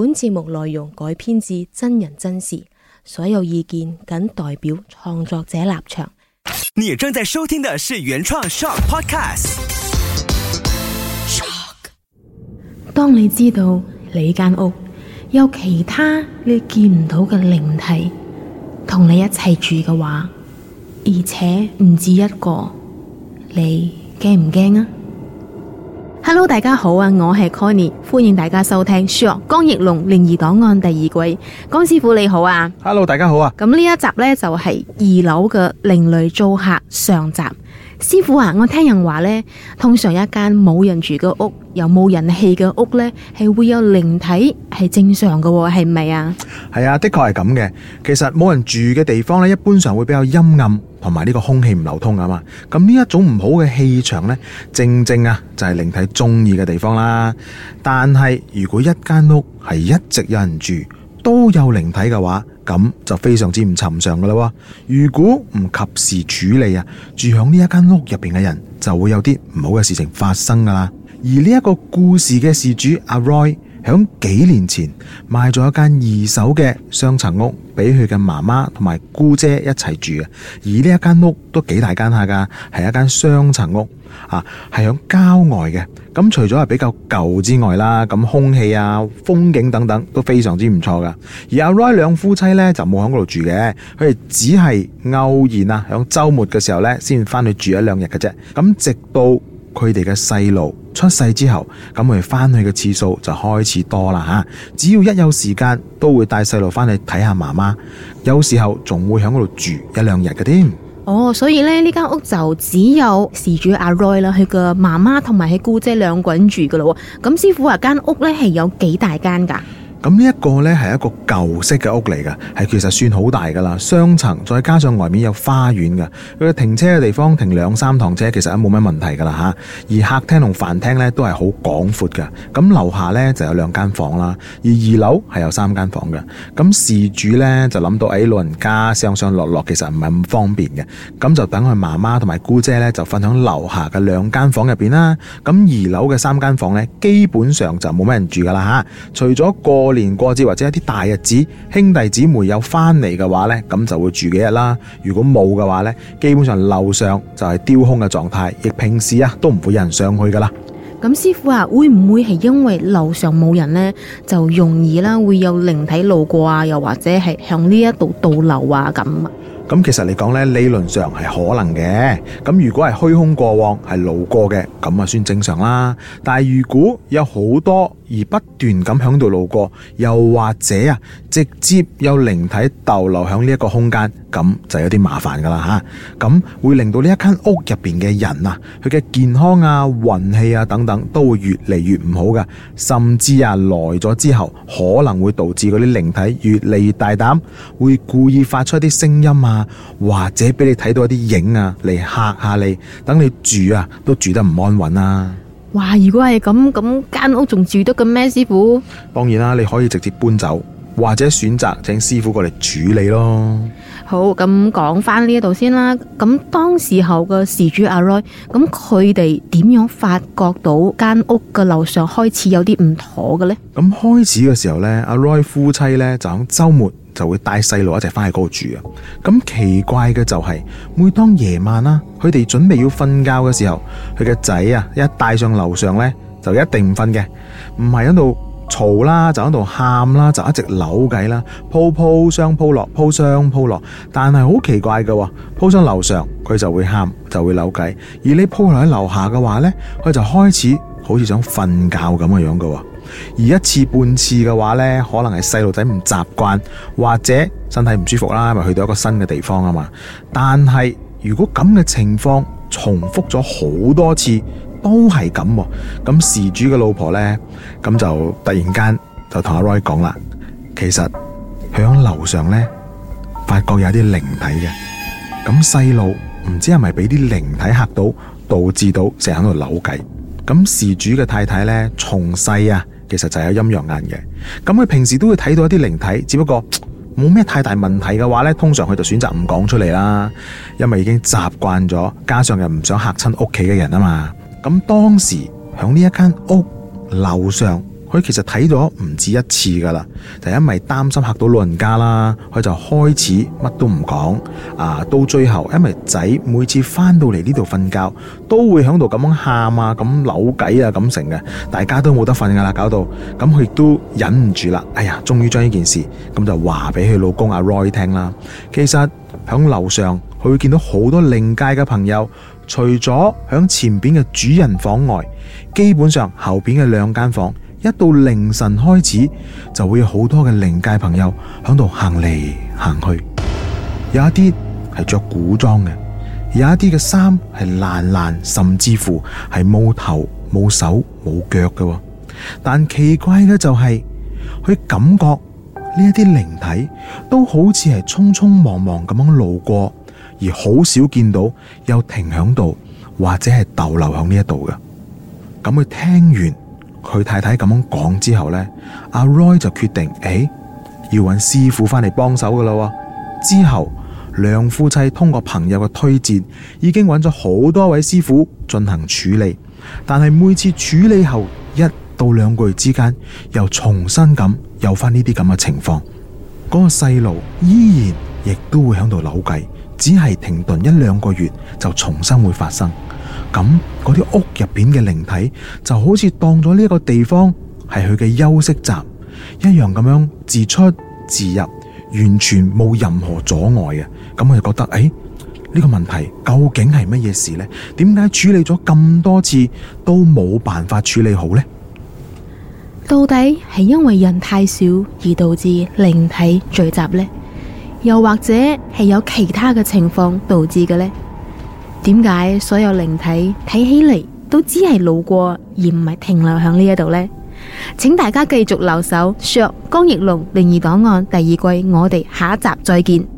本節目內容改編自真人真事，所有意見僅代表創作者立場。你正在收聽的是原創 Shock Podcast。Shock。當你知道你間屋有其他你見唔到嘅靈體同你一齊住嘅話，而且唔止一個，你驚唔驚啊？Hello，大家好啊，我係 Connie，歡迎大家收聽 ir,《書屋江奕龍靈異檔案》第二季。江師傅你好啊，Hello，大家好啊。咁呢一集咧就係二樓嘅另類租客上集。師傅話啊，我聽人話呢，通常一間冇人住嘅屋，又冇人氣嘅屋呢係會有靈體，係正常嘅，係咪啊？係啊，的確係咁嘅。其實冇人住嘅地方呢，一般上會比較陰暗，同埋呢個空氣唔流通啊嘛。咁呢一種唔好嘅氣場呢，正正啊，就係靈體中意嘅地方啦。但係如果一間屋係一直有人住，都有靈體嘅話，咁就非常之唔尋常噶啦，如果唔及時處理啊，住響呢一間屋入邊嘅人就會有啲唔好嘅事情發生噶啦。而呢一個故事嘅事主阿 Roy。響幾年前賣咗一間二手嘅雙層屋俾佢嘅媽媽同埋姑姐一齊住嘅，而呢一間屋都幾大間下噶，係一間雙層屋啊，係響郊外嘅。咁除咗係比較舊之外啦，咁空氣啊、風景等等都非常之唔錯噶。而阿 Ray 兩夫妻呢，就冇響嗰度住嘅，佢哋只係偶然啊，響周末嘅時候呢，先翻去住一兩日嘅啫。咁直到佢哋嘅細路出世之後，咁佢哋翻去嘅次數就開始多啦吓，只要一有時間都會帶細路翻去睇下媽媽，有時候仲會喺嗰度住一兩日嘅添。哦，所以呢呢間屋就只有事主阿 Roy 啦，佢嘅媽媽同埋佢姑姐兩個人住噶咯。咁師傅話間屋呢係有幾大間噶？咁呢一個呢係一個舊式嘅屋嚟噶係其實算好大噶啦，雙層再加上外面有花園噶佢嘅停車嘅地方停兩三趟車其實都冇乜問題噶啦吓。而客廳同飯廳呢都係好廣闊噶咁樓下呢就有兩間房啦，而二樓係有三間房嘅。咁事主呢就諗到誒，老人家上上落落其實唔係咁方便嘅，咁就等佢媽媽同埋姑姐呢就瞓響樓下嘅兩間房入邊啦。咁二樓嘅三間房呢，基本上就冇乜人住噶啦吓，除咗個。過年過節或者一啲大日子，兄弟姊妹有翻嚟嘅話呢，咁就會住幾日啦。如果冇嘅話呢，基本上樓上就係丟空嘅狀態，亦平時啊都唔會有人上去噶啦。咁師傅啊，會唔會係因為樓上冇人呢，就容易啦會有靈體路過啊，又或者係向呢一度倒流啊咁？咁其實你講呢，理論上係可能嘅。咁如果係虛空過往，係路過嘅，咁就算正常啦。但係如果有好多而不斷咁響度路過，又或者啊，直接有靈體逗留響呢一個空間。咁就有啲麻煩噶啦吓，咁會令到呢一間屋入邊嘅人啊，佢嘅健康啊、運氣啊等等都會越嚟越唔好嘅，甚至啊來咗之後可能會導致嗰啲靈體越嚟越大膽，會故意發出一啲聲音啊，或者俾你睇到一啲影啊，嚟吓下你，等你住啊都住得唔安穩啊！哇，如果係咁，咁間屋仲住得咁咩師傅？當然啦，你可以直接搬走。或者選擇請師傅過嚟處理咯。好，咁講翻呢一度先啦。咁當時候嘅事主阿 Roy，咁佢哋點樣發覺到間屋嘅樓上開始有啲唔妥嘅呢？咁開始嘅時候呢，阿 Roy 夫妻呢就喺周末就會帶細路一齊翻去嗰度住啊。咁奇怪嘅就係，每當夜晚啦，佢哋準備要瞓覺嘅時候，佢嘅仔啊一帶上樓上呢，就一定唔瞓嘅，唔係喺度。嘈啦，就喺度喊啦，就一直扭計啦，鋪鋪上鋪落，鋪上鋪落，但係好奇怪嘅，鋪上樓上佢就會喊，就會扭計；而你鋪落喺樓下嘅話呢，佢就開始好似想瞓覺咁嘅樣嘅。而一次半次嘅話呢，可能係細路仔唔習慣或者身體唔舒服啦，咪去到一個新嘅地方啊嘛。但係如果咁嘅情況重複咗好多次。都係咁，咁事主嘅老婆呢，咁就突然間就同阿 Roy 講啦。其實響樓上呢，發覺有啲靈體嘅。咁細路唔知係咪俾啲靈體吓到，導致到成日喺度扭計。咁事主嘅太太呢，從細啊，其實就有陰陽眼嘅。咁佢平時都會睇到一啲靈體，只不過冇咩太大問題嘅話呢，通常佢就選擇唔講出嚟啦，因為已經習慣咗，加上又唔想吓親屋企嘅人啊嘛。咁當時喺呢一間屋樓上，佢其實睇咗唔止一次噶啦。就因為擔心嚇到老人家啦，佢就開始乜都唔講。啊，到最後因為仔每次返到嚟呢度瞓覺，都會喺度咁樣喊啊、咁扭計啊、咁成嘅，大家都冇得瞓噶啦，搞到咁佢都忍唔住啦。哎呀，終於將呢件事咁就話俾佢老公阿 Roy 聽啦。其實喺樓上佢會見到好多靈界嘅朋友。除咗響前邊嘅主人房外，基本上後邊嘅兩間房，一到凌晨開始，就會有好多嘅靈界朋友響度行嚟行去，有一啲係着古裝嘅，有一啲嘅衫係爛爛，甚至乎係冇頭冇手冇腳嘅。但奇怪嘅就係，佢感覺呢一啲靈體都好似係匆匆忙忙咁樣路過。而好少見到有停響度或者係逗留響呢一度嘅。咁佢聽完佢太太咁樣講之後呢，阿、啊、Roy 就決定，誒、欸，要揾師傅返嚟幫手噶啦。之後兩夫妻通過朋友嘅推薦，已經揾咗好多位師傅進行處理，但係每次處理後一到兩個月之間，又重新咁有返呢啲咁嘅情況，嗰、那個細路依然亦都會響度扭計。只係停頓一兩個月就重新會發生，咁嗰啲屋入邊嘅靈體就好似當咗呢個地方係佢嘅休息站一樣咁樣自出自入，完全冇任何阻礙嘅。咁我就覺得，誒，呢個問題究竟係乜嘢事呢？點解處理咗咁多次都冇辦法處理好呢？到底係因為人太少而導致靈體聚集呢？又或者係有其他嘅情況導致嘅呢？點解所有靈體睇起嚟都只係路過而唔係停留響呢一度呢？請大家繼續留守《卓江奕龍靈異檔案》第二季，我哋下一集再見。